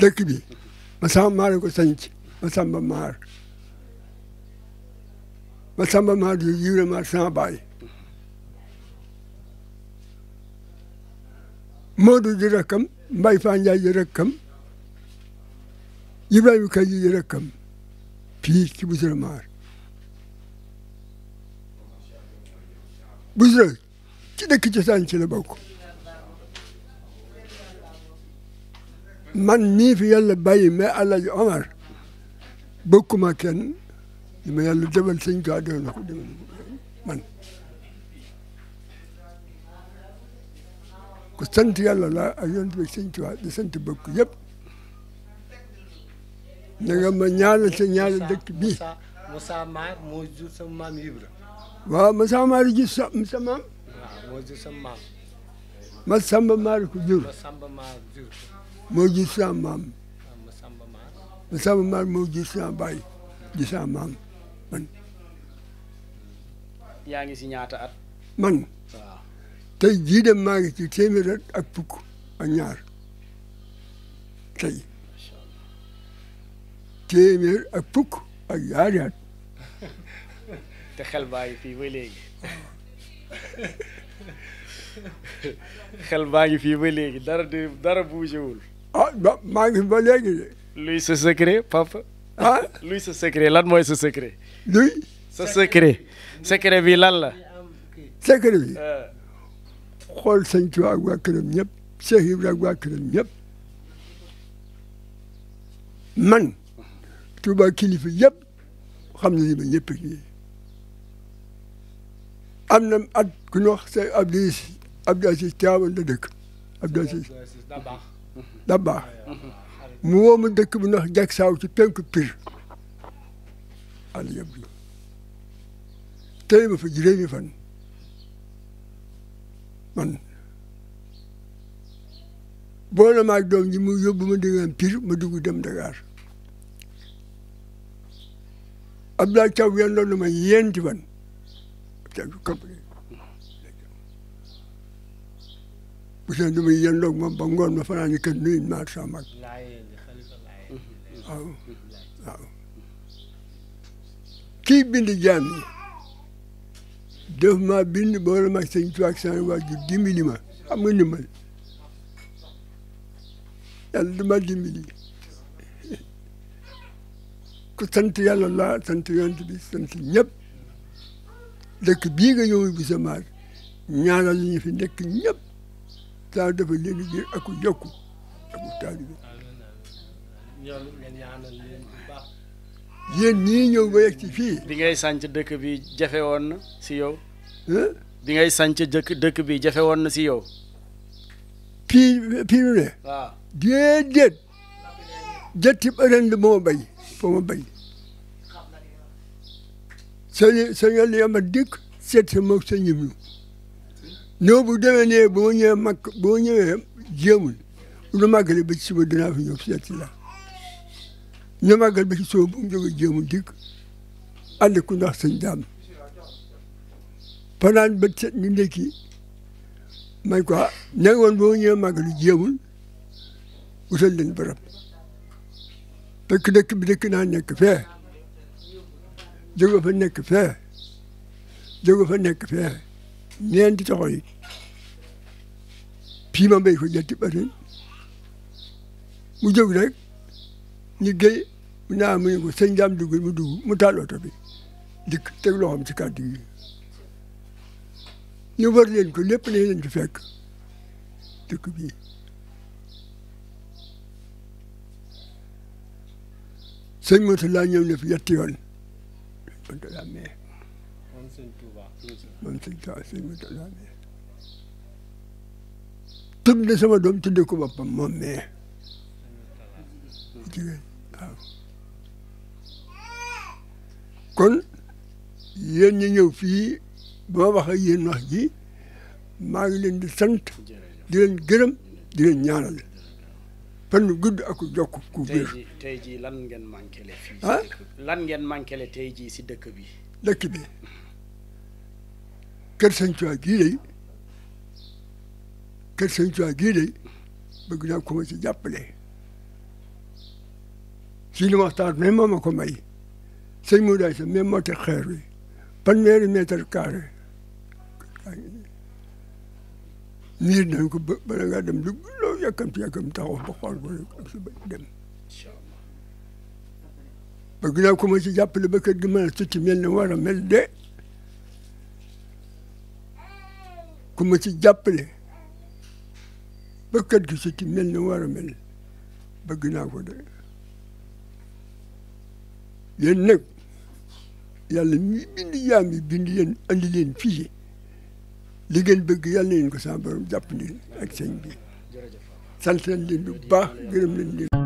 da kibi masamba mara ko sanci masamba mara masamba mara yo yure mara san bai modu jira kam mbay fanja jira kam ibrahim kaji jira kam pi ki buzra mara buzra ki de ki sanci la bako man mii fi yàlla bàyyi mais Alaaji Omar bokkuma kenn li ma yàlla defal sëñ kaa na ko defal man ku sant yàlla laa ak yonent bi sëñ Tuubaa di sant bokk yëpp na nga ma ñaala sa ñaala dëkk bii Moussa Mar moo jur sa maam Ibra waaw moo ji sama maam Masamba Maar moo ji sama baay ji sama maam man. yaa ngi si ñaata at. man tey jii dem maa ngi ci téeméer at ak fukk ñaar tey téeméer ak fukk ak ñaari at. te xel baa ngi fii ba léegi xel baa fii ba léegi dara dara wul ah maa ngi ba pas Lui secret papa. ah lui c'est secret lan secret. Lui C'est secret. secret bi lan la. secret bi. Ah. ak c'est Cheikh man Tuubaa kilifa yëpp xam nañu ma ñëpp at ku dabbaax mu woo ma dëkk bu ndax jag saaw ci penku pir àll yëpp bi tey ma fan man boole maag doom ji mu yóbbu ma dëgaan pir ma dugg dem Dakar Abdoulaye Thiaw yan loolu ma yéenti fan Thiaw compagnie seen lu muy yëndoog moom ba ngoon ma fanaan kër nuyu naa sama mag waaw waaw kii bind jaam yi def ma bind boole ma sëñ tuwaak seen waaju dimbali ma xam nga ndimbal yàlla dama dimbali ku sant yàlla laa sant yonent bi sant ñëpp dëkk bii nga ñëw bi sa maar ñaanal ñu fi nekk ñëpp taal dafa leen yéen ak ku yokku ak ku taalibe yéen ñii ñëw ba yegg ci fii. bi ngay sanc dëkk bi jafe woon na si yow. bi ngay sànc dëkk dëkk bi jafe woon na si yow. fii fii mu ne. waaw déedéet. jëtti ren moo ma béy foo ma béy. sëñ sëñ Aliou sa moog sa néew bu demee bu ma ñëwee mag bu ma ñëwee jéemul lu màggale ba ci suba dinaa fi ñëw seet si la ñu màggal ba ci suba bu mu jógee jéemul dikk ànd ku ndax sëñ daam fanaan ba set ñu ndékki man quoi ne ah, woon bu ma ñëwee màggalu jéemul barab fekk dëkk bi dëkk naa nekk fee jóge fa nekk fee fee ñeenti taxaw yi fii ma béy ko ñetti bëri mu jóg rek ñu géy mu naa mu ko sëñ jaam dugg mu dugg mu taal oto bi dikk teg loxoom ci kàddu gi ñu war leen ko lépp lañ leen di fekk dëkk bii sëñ Moussa laa ñëw na fi ñetti yoon man sëñ Touba man sëñ sama doom tudde ko boppam moom mais kon yéen ñi ñëw fii ba wax ak yéen wax ji maa ngi leen di sant di leen gërëm di leen ñaanal fan gudd ak jokk ku biir tey lan ngeen manqué le tey jii si dëkk bi dëkk bi kër sëñ Tuubaa gii day kër sëñ Tuubaa gii day bëgg naa ko ma ci jàppale si li ma ko may sëñ mu daay sa mais moo tax xeer wi fanweeri mètre carré niir nañ ko ba bala ngaa dem lu loo yàkkamti yàkkamti taxaw ba xool ko suba dem bëgg naa ko ma ci ba kër gi mën a mel ne war mel de ku ma ci jàppale ba kër gi su mel ni war a mel bëgg naa ko de yéen nag yàlla mi bind jaam yi bind leen andi leen fii li ngeen bëgg yàlla leen ko sama borom jàpp leen ak sëñ bi sant nañ leen bu baax gërëm